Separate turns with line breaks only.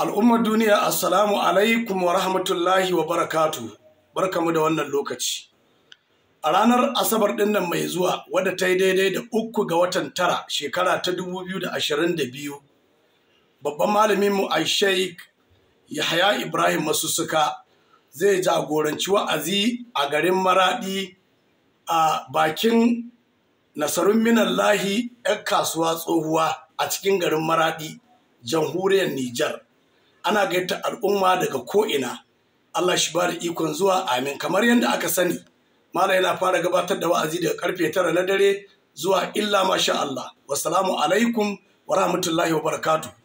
Al'ummar duniya assalamu alaikum wa rahmatullahi wa barakatu barkamu da wannan lokaci. A ranar Asabar ɗin nan mai zuwa wadda ta yi daidai da uku ga watan tara shekara ta dubu biyu da da ashirin biyu, babban malaminmu a sheik Yahaya Ibrahim Masussuka zai jagoranci wa'azi a garin Maraɗi a bakin Nasarun Minallahi 'yan kasuwa tsohuwa a cikin garin Maraɗi, jamhuriyar Nijar. ana gaita al'umma daga ko'ina Allah shi ba da ikon zuwa amin kamar yadda aka sani malam yana fara gabatar da wa'azi daga karfe tara na dare zuwa illa masha Allah wasalamu alaikum wa rahmatullahi wa barakatuh